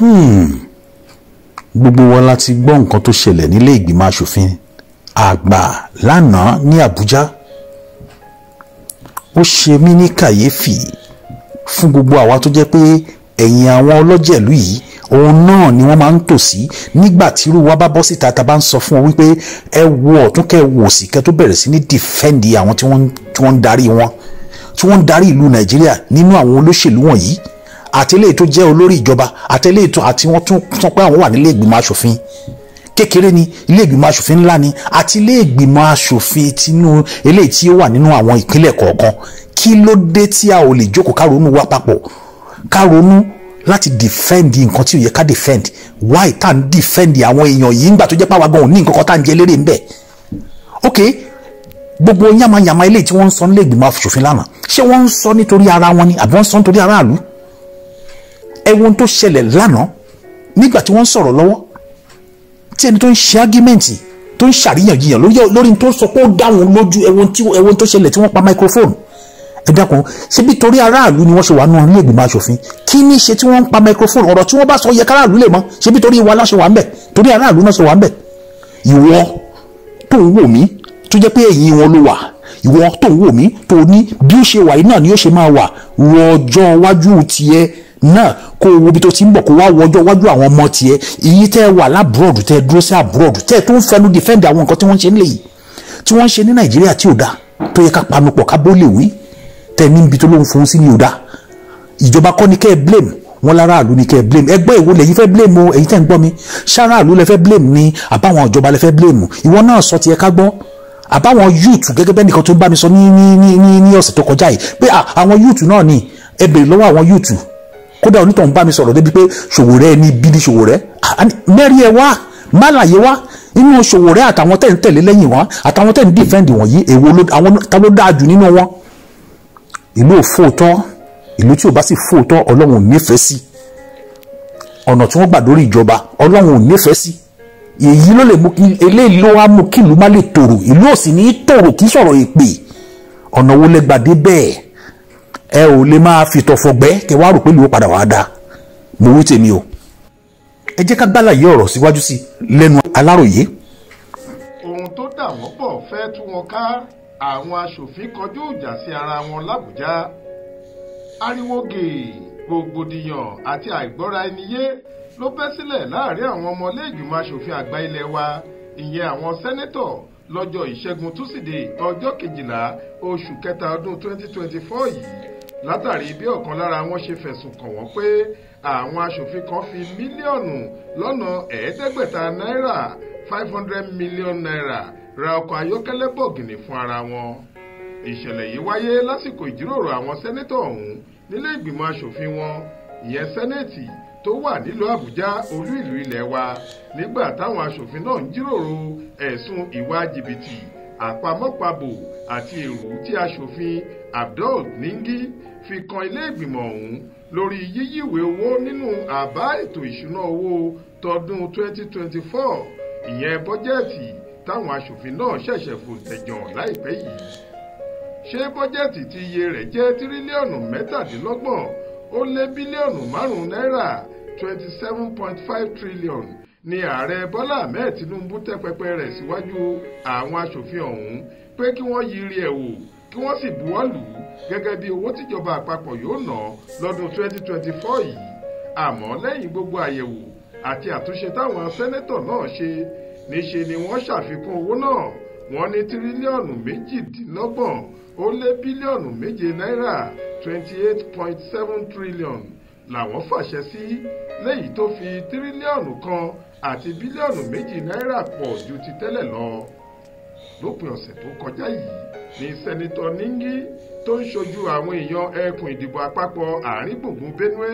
Hmm. gbogbo wa la ti gbọ́ nǹkan tó ṣẹlẹ̀ nílé ìgbìmọ̀ asòfin àgbà lánàá ní Àbújá ó ṣe mí ní kàyéfì fún gbogbo àwa tó jẹ́ pé ẹ̀yìn àwọn ọlọ́jẹ̀lú yìí òun náà ni wọ́n máa ń tò sí nígbà tí irú wa bá bọ́ síta ta bá ń sọ fún ọ wípé ẹ wo ọ̀tún kẹ́ ẹ wò sí kẹ́ tó bẹ̀rẹ̀ sí ní dìfẹ́ǹdì àwọn tí wọ́n ń darí wọn tí wọ́n ń darí ìlú Nàìjíríà nínú àwọn olóṣèlú wọ̀nyí àti eléyìí tó jẹ́ olórí ìjọba àti eléyìí tó àti wọ́n tún sọ pé àwọn wà nílé ìgbìmọ̀ asòfin kékeré ni ilé ìgbìmọ̀ asòfin ńlá ni àti ilé ìgbìmọ̀ asòfin tinú eléyìí tí ó wà nínú àwọn ìpínlẹ̀ kọ̀ọ̀kan kí ló dé tí a ò lè jókòó ká ronú wa papọ̀ ká ronú láti defend nǹkan tí ò yẹ ká defend why tá à ń defend àwọn èèyàn yìí ńgbà tó jẹ́ pàwọn agan ò nǹkan kan tá à ń jẹ lérè ńbẹ̀ ok gbogbo yamayama eléyìí tí wọ́n ń sọ nílé ìgbìmọ̀ asòfin lánàá ṣé wọ́n ń sọ nítorí ara wọn ni àbí wọ́n ń sọ nítorí aráàlú ẹ wo ohun tó ṣẹlẹ̀ lánàá nígbà tí wọ́n ń sọ̀rọ̀ lọ́wọ́ tí ẹni tó ń ṣe ágímẹ́ǹtì tó ń ṣàríyànjiyàn lórí tó sọ pé ó dá lójú ẹ wo ohun tó ṣẹlẹ̀ tí wọ́n pa microphone ẹ dákun ṣebí torí aráàlú ni wọ́n ṣe wà nù ilé ìgbìmọ̀ asòfin kí ní ṣe tí wọ́n pa microphone ọ̀rọ̀ tí wọ́n bá sọ yẹ káráàlú lè mọ̀ ṣebí torí wa láṣẹ wà ń bẹ̀ torí aráàlú náà ṣe wà ń bẹ̀ ìwọ tó ń wò mí tó jẹ́ pé ẹ̀yìn wọn ló wà ìwọ tó ń wò mí tó ní bí ó ṣe wà yìí náà ni ó ṣe máa wà wọ ọjọ́ iwájú tiẹ̀ náà kó o wo ibi tó ti ń bọ̀ kó wá wọjọ́ wájú àwọn ọmọ tiẹ̀ èyí tẹ́ ẹ wà lábúrọ̀dù tẹ́ ẹ dúró sí àbúrọ̀dù tẹ́ ẹ tó ń fẹnu dìfẹ́ǹdì àwọn nǹkan tí wọ́n ń ṣe nílẹ̀ yìí tí wọ́n ń ṣe ní nàìjíríà tí ò dáa tó yẹ ká panupọ̀ ká bó lè wí tẹ́ ẹ níbi tó lóun fún sí ni ò dáa ìjọba kọ́ ni kẹ́ ẹ blame wọn láràlú ni kẹ́ ẹ blame ẹgbẹ́ ìwo lẹ́yìn fẹ́ blame o èyí tẹ́ ń gbọ́ mi sáràlú lẹ fẹ́ blame ni àbáwọn ìjọba lẹ fẹ́ blame ìwọ náà sọ tiẹ̀ ká gbọ́ àbáwọn yúùtù gẹ́gẹ́ bẹ́ẹ̀ nìkan tó ń bá mi sọ ní ní ní ní ọ̀sẹ̀ tó kọjá yìí pé àwọn yúùtù náà ni ẹ bèrè lọ́wọ́ àwọn yúùtù kódà onítọ̀hún bá mi sọ̀rọ̀ débi pé Ṣòwòrẹ́ ẹni bídí Ṣòwòrẹ́ mẹ́rí ẹ wá málàyé wá inú Ṣòwòrẹ́ àtàwọn tẹ̀ ń tẹ̀lé lẹ́yìn wá àtàwọn tẹ̀ ń dìfẹ́ǹdì wọ̀nyí èwo àwọn ta ló dáa jù nínú wọn ìlú ò fóòtọ́ ìlú tí ò bá sì fóòtọ́ ọlọ́run ò nífẹ̀ẹ́ sí ọ̀nà tí wọ́n gbà lórí ìjọba ọlọ́run ò nífẹ̀ẹ́ sí èyí ló lè mú kí eléyìí ló wá mú kí ìlú má lè tòrò ìlú ò sì ní tòrò kí sọ̀rọ̀ èpè ọ̀nà wo lẹ gbà bẹ́ẹ̀ ẹ ò lè máa fìtọ̀fọ̀gbẹ́ kẹ wá rò pé ló padà wàá da mo wí tèmi o ẹ jẹ́ ká gbàlàyé ọ̀rọ̀ síwájú sí lẹ́nu aláròyé. ohun tó dà wọ́n pọ̀ fẹ́ tú wọn ká àwọn aṣòfin kọjú ìjà sí ara wọn làbújá ariwo gèè gbògbòdìyàn àti àìgbọ́ra ẹni yé ló bẹ́ sílẹ̀ láàrin àwọn ọmọ ilé ìgbìmọ̀ aṣòfin àgbà ilé wa ìyẹn àwọn sẹ́nẹ́tọ̀ lọ́jọ́ ìṣẹ́gun túsídẹ̀ẹ́ ọjọ́ kejìlá oṣù kẹta ọdún 2024 yìí látàrí bí ọ̀kan lára wọn ṣe fẹ̀sùn kàn wọ́n pé àwọn aṣòfin kan fi mílíọ̀nù lọ́nà ẹ̀ẹ́dẹ́gbẹ̀ta náírà five hundred million naira ra ọkọ̀ ayọ́kẹ́lẹ́ bọ̀gìnì fún ara wọn ìṣẹ̀lẹ̀ yìí wáyé lásìkò ìjíròrò àwọn sẹ́nẹ́tọ̀ ọ̀hún nílé ìgbìmọ̀ asòfin wọn ìyẹn sẹ́nẹ́ẹ̀tì tó wà nílùú àbújá olú ìlú ilẹ̀ wa nígbà táwọn asòfin náà ń jíròrò ẹ̀sùn ìwà jìbìtì àpamọ́pàbò àti èrú tí aṣòfin Abdul Ningi fi kan ilé ìgbìmọ̀ ọ̀hún lórí yíyíwèé owó nínú àbá ètò ìṣúná owó tọdún 2024 ìyẹn bọ́jẹ́ẹ̀tì táwọn aṣòfin náà ṣẹ̀ṣẹ̀ fòǹtẹ̀jọ̀n láìpẹ́ yìí ṣé bọ́jẹ́ẹ̀tì tí iye rẹ̀ jẹ́ tírílíọ̀nù mẹ́tàdínlọ́gbọ̀n ó lé bílíọ̀nù márùn-ún náírà twenty seven point five trillion ni ààrẹ bọ́lá ahmed tinubu tẹ́ pẹpẹ rẹ̀ síwájú àwọn aṣòfin ọ̀hún pé kí wọ́n yiri ẹ̀ wò kí wọ́n sì buwọ́ lù ú gẹ́gẹ́ bí owó tíjọba àpapọ̀ yóò ná lọ́dún 2024 yìí àmọ́ lẹ́yìn gbogbo àyẹ̀wò àti àtúnṣe táwọn sẹ́nẹ́tọ̀ náà ṣe níṣe ni wọ́n ṣàfikún owó náà wọ́n ní tírílíọ̀nù méjìdínlọ́gbọ̀n ó lé bílíọ̀nù méje náírà 28.7 trillion làwọn fàṣẹ sí léyìí tó fi tírílíọ̀nù kan àti bílíọ̀nù méjì náírà pọ̀ ju ti tẹ́lẹ̀ lọ lópin ọ̀sẹ̀ tó kọjá yìí ni sẹ́nitọ́ Ningi tó ń ṣojú àwọn èèyàn ẹkùn ìdìbò àpapọ̀ àárín gbùngbùn Benue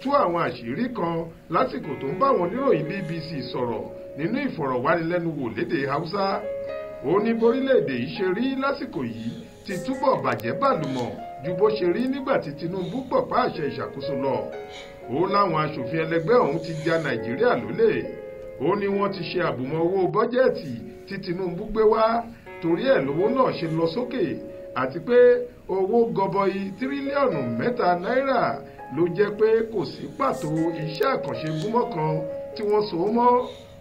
tú àwọn àṣírí kan lásìkò tó ń bá àwọn oníròyìn BBC sọ̀rọ̀ nínú ìfọ̀rọ̀wánilẹ́nuwò lédè Haúsá ó ní bórílẹ̀-èdè yìí ṣe rí lásìkò yìí ti túbọ̀ bàjẹ́ bàlùmọ̀ ju bó ṣe rí nígbà tí Tinubu pọ̀pá àṣẹ ìṣàkóso lọ ó láwọn aṣòfin ẹlẹgbẹ́ ọ̀hún ti ja Nàìjíríà lólè ó ní wọ́n ti ṣe àbùmọ̀ owó bọ́jẹ́ẹ̀tì tí Tinubu gbé wá torí ẹ̀ lówó náà ṣe lọ sókè àti pé owó gọbọi tírílíọ̀nù mẹ́ta náírà ló jẹ́ pé kò sí pàtó iṣẹ́ àkànṣe gúnmọ́ kan tí wọ́n so mọ́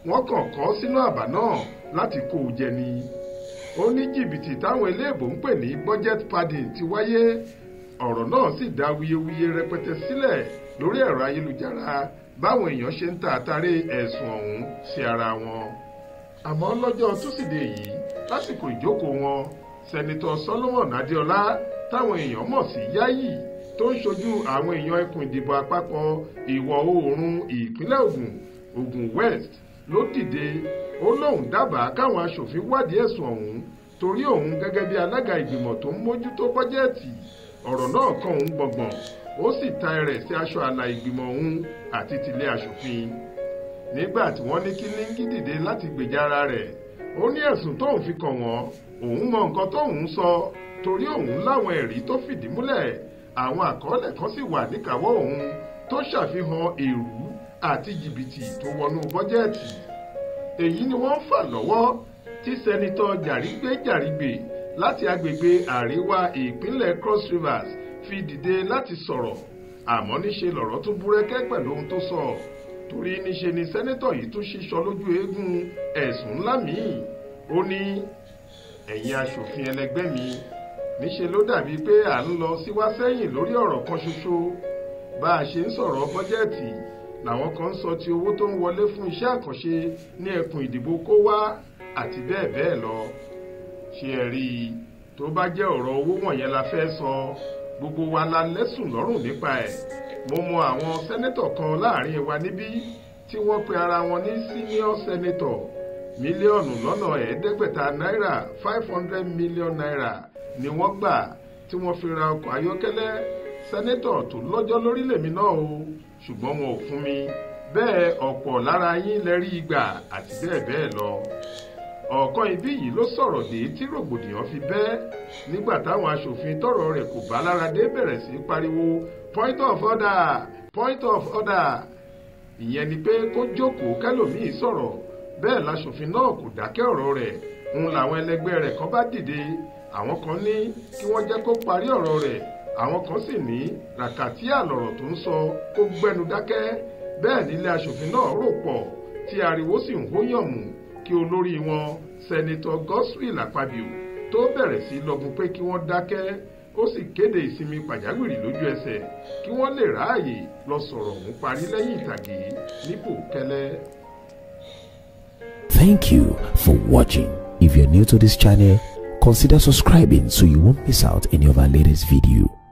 wọ́n kàn kọ́ sínú àbá náà láti kó o jẹ ni ó ní jìbìtì táwọn eléèbó ń pè ní budget padding ti wáyé ọ̀rọ̀ náà sì dá wuyewuye rẹpẹtẹ sílẹ̀ lórí ẹ̀rọ ayélujára báwọn èèyàn ṣe ń ta àtàrí ẹ̀sùn ọ̀hún sí ara wọn. àmọ́ lọ́jọ́ túsìdeè yìí lásìkò ìjókòó wọn sẹ́nitọ́ Solomon Adéọlá táwọn èèyàn mọ̀ sí Yayi tó ń ṣojú àwọn èèyàn ẹkùn ìdìbò àpapọ̀ ìwọ̀ oòrùn ìpínlẹ̀ Ògùn Ògùn West ló dìde ó lóun dábàá káwọn aṣòfin wádìí ẹ̀sùn ọ̀hún torí òun gẹ́gẹ́ bí alága ìgbìmọ̀ tó ń mójútó bọ́jẹ́ẹ̀tì ọ̀rọ̀ náà kan òun gbọ̀ngbọ̀n ó sì ta ẹrẹ̀ sí aṣọ àlà ìgbìmọ̀ òun àti tilé aṣòfin nígbà tí wọ́n ní kí Líńgì dìde láti gbèjà ara rẹ̀ ó ní ẹ̀sùn tóun fi kàn wọ́n òun mọ nǹkan tóun sọ torí òun láwọn ẹ̀rí tó fìdí múlẹ̀ àwọn àkọọ́lẹ̀ kan sì wà níkàáwọ́ òun tó ṣàfihàn èrú àti jìbìtì tó wọnú bọ́jẹ́ẹ̀tì èyí ni wọ́n ń fà lọ́wọ́ tí sẹ́nitọ́ jàrígbé jàrígbé láti agbègbè àríwá ìpínlẹ̀ Cross Rivers fi dìde láti sọ̀rọ̀ àmọ́ níṣe lọ̀rọ̀ tó búrẹ́kẹ́ pẹ̀lú ohun tó sọ torí níṣe ni sẹ́nitọ̀ yìí tún ṣíṣọ lójú eégún ẹ̀sùn ńlá míì ó ní ẹ̀yin aṣòfin ẹlẹgbẹ́ mi níṣe ló dàbí pé à ń lọ síwá sẹ́yìn lórí ọ̀rọ̀ kan ṣoṣo bá a ṣe ń sọ̀rọ̀ bọ́jẹ́ẹ̀tì làwọn kan ń sọ ti owó tó ń wọlé fún iṣẹ́ àkànṣe ní ẹkùn ìdìbò kówá àti bẹ́ẹ̀ bẹ́ẹ̀ lọ ṣé ẹ rí i tó bá jẹ́ ọ̀rọ̀ owó wọ̀nyẹn la fẹ́ sọ gbogbo wa la lẹ́sùn lọ́rùn nípa ẹ̀ mo mọ àwọn sẹ́nẹ́tọ̀ kan láàrin wa níbí tí wọ́n pe ara wọn ní senior senator mílíọ̀nù lọ́nà ẹ̀ẹ́dẹ́gbẹ̀ta náírà five hundred million naira ni wọ́n gbà tí wọ́n fi ra ọkọ̀ ayọ́kẹ́lẹ́ sẹ́nẹ́tọ̀ tó lọ́jọ́ lórí lèmi náà o ṣùgbọ́n wọn ò fún mi bẹ́ẹ̀ ọ̀pọ̀ lára yín lẹ́rí ìgbà àti bẹ́ẹ̀ bẹ́ẹ̀ lọ ọ̀kan ibí yìí ló sọ̀rọ̀ dé tí rògbòdìyàn fi bẹ́ nígbà táwọn aṣòfin tọ́rọ̀ rẹ̀ kò bá lára dé bẹ̀rẹ̀ sí pariwo point of order point of order ìyẹn ni pé kó jókòó kẹlòmíì sọ̀rọ̀ bẹ́ẹ̀ láṣòfin náà kò dákẹ́ ọ̀rọ̀ rẹ̀ ń làwọn ẹlẹgbẹ́ rẹ̀ kan bá dìde àwọn kan ní kí wọ́n jẹ́ kó parí ọ̀rọ̀ rẹ̀ àwọn kan sì ní ràkàtíà lọ̀rọ̀ tó ń sọ kó gbẹ́nu dákẹ́ bẹ́ẹ̀ nílé aṣòfin náà rò pọ̀ tí ariwo sì ń hóyànmù kí olórí wọn sẹ́nitọ́ Godswill Akpabio tó bẹ̀rẹ̀ sí lọ́gun pé kí wọ́n dákẹ́ ó sì kéde ìsinmi pàjáwìrì lójú ẹsẹ̀ kí wọ́n lè ráàyè lọ sọ̀rọ̀ ọ̀hún parí lẹ́yìn ìtàgé nípò kẹ́lẹ́. Thank you for watching. If you're new to this channel, consider subscribing so you won't miss out any of our latest videos.